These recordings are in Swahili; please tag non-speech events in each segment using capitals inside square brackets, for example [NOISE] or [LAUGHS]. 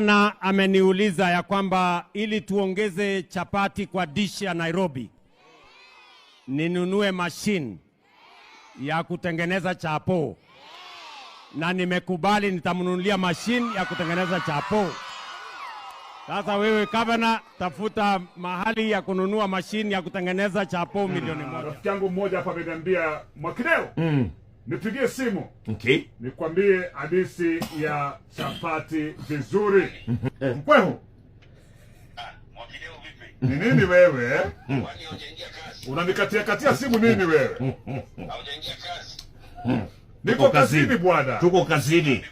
Bwana ameniuliza ya kwamba ili tuongeze chapati kwa dishi ya Nairobi, ninunue mashine ya kutengeneza chapo, na nimekubali nitamnunulia mashine ya kutengeneza chapo. Sasa wewe gavana, tafuta mahali ya kununua mashine ya kutengeneza chapo milioni moja. Rafiki yangu mmoja hapa ameniambia mwakileo mm nipigie simu okay. nikwambie hadithi ya chapati vizuri Mpwehu mhm. ah, ni nini wewe? Eh? Mm. Unanikatia katia simu nini wewe? Mm. Mm. Niko kazini bwana, tuko kazini.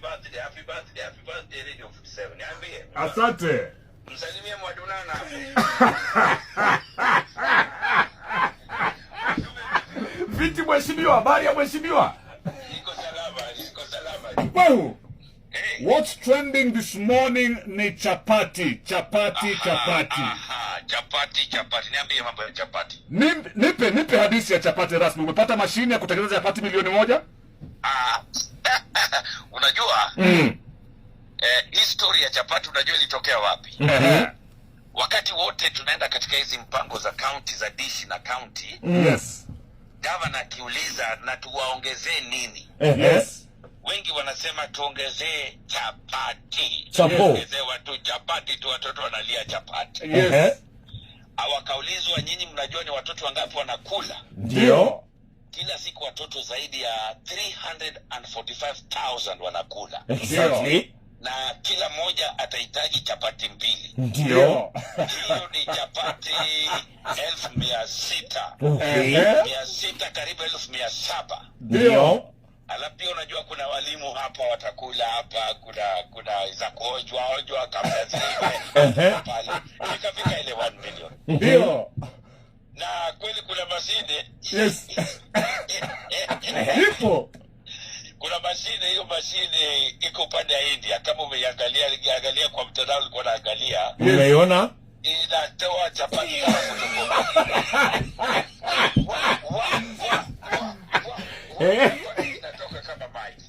Asante. [LAUGHS] viti mheshimiwa, habari ya mheshimiwa? Niko salama, niko salama. Wow. Eh. What's trending this morning ni chapati, chapati, aha, chapati. Aha, chapati, chapati. Niambie mambo ya chapati. Nipe, nipe, nipe hadithi ya chapati rasmi. Umepata mashine ya kutengeneza chapati milioni moja? Ah. [LAUGHS] Unajua? Mm. Eh, history ya chapati unajua ilitokea wapi? Mm -hmm. Wakati wote tunaenda katika hizi mpango za county za dishi na county. Mm. Yes gavana akiuliza na tuwaongezee nini? yes. Wengi wanasema tuongezee chapati, tuongezee watu chapati tu, watoto wanalia chapati. yes. Awakaulizwa, nyinyi mnajua ni watoto wangapi wanakula? Ndio, kila siku watoto zaidi ya 345000 wanakula. exactly na kila mmoja atahitaji chapati mbili. Ndio hiyo ni chapati elfu mia sita okay. mia sita karibu elfu mia saba ndio. Alafu pia unajua kuna walimu hapa watakula hapa, kuna kuna za kuojwa ojwa kabla zipale ikafika ile milioni ndio, na kweli kuna masinde yes mashine iko upande ya India, kama umeiangalia, angalia kwa mtandao, ulikuwa naangalia, umeiona inatoa chapati inatoka kama maji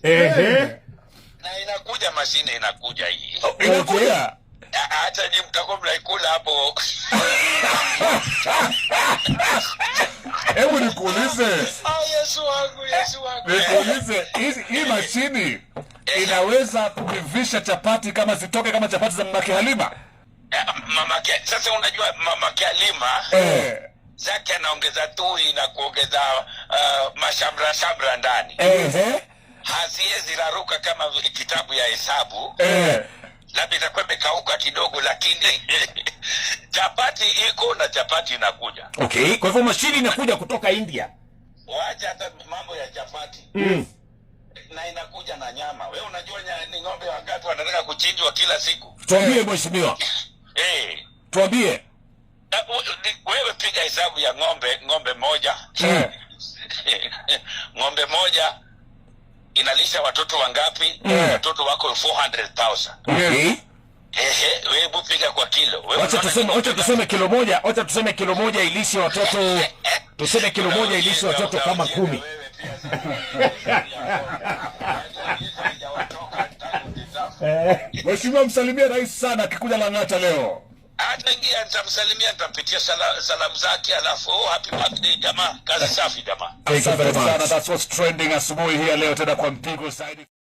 na inakuja, mashine inakuja hii oh, inakuja hata ni mtakuwa mnaikula hapo [LAUGHS] Hebu nikuulize, ah, nikuulize, hii eh. mashini eh. inaweza kuivisha chapati kama zitoke kama chapati za mamake Halima? Eh, mamake sasa, unajua mamake Halima eh zake anaongeza tui na kuongeza uh, mashamra shamra ndani eh, haziwezi raruka kama kitabu ya hesabu eh, labda itakuwa imekauka kidogo, lakini chapati iko na chapati inakuja. Okay, kwa hivyo mashini inakuja kutoka India. Wacha hata mambo ya chapati mm. na inakuja na nyama. Wewe unajua ni ng'ombe wangapi wanataka kuchinjwa kila siku? Tuambie mheshimiwa. Eh, eh. tuambie wewe, piga hesabu ya ng'ombe, ng'ombe moja mm. [LAUGHS] ng'ombe moja inalisha watoto wangapi? mm. watoto wako 400,000. Okay. Ehe, hebu piga kwa kilo. Wacha tuseme, wacha tuseme kilo moja, wacha tuseme kilo moja ilishe watoto. Tuseme kilo moja ilishe watoto kama kumi. [LAUGHS] Mheshimiwa, msalimie rais sana akikuja Lang'ata leo. Ataingia, nitamsalimia, nitampitia salamu zake, alafu oh, happy birthday jamaa. Kazi safi jamaa. Thank you very much. That's what's trending asubuhi hii leo tena kwa mpigo zaidi.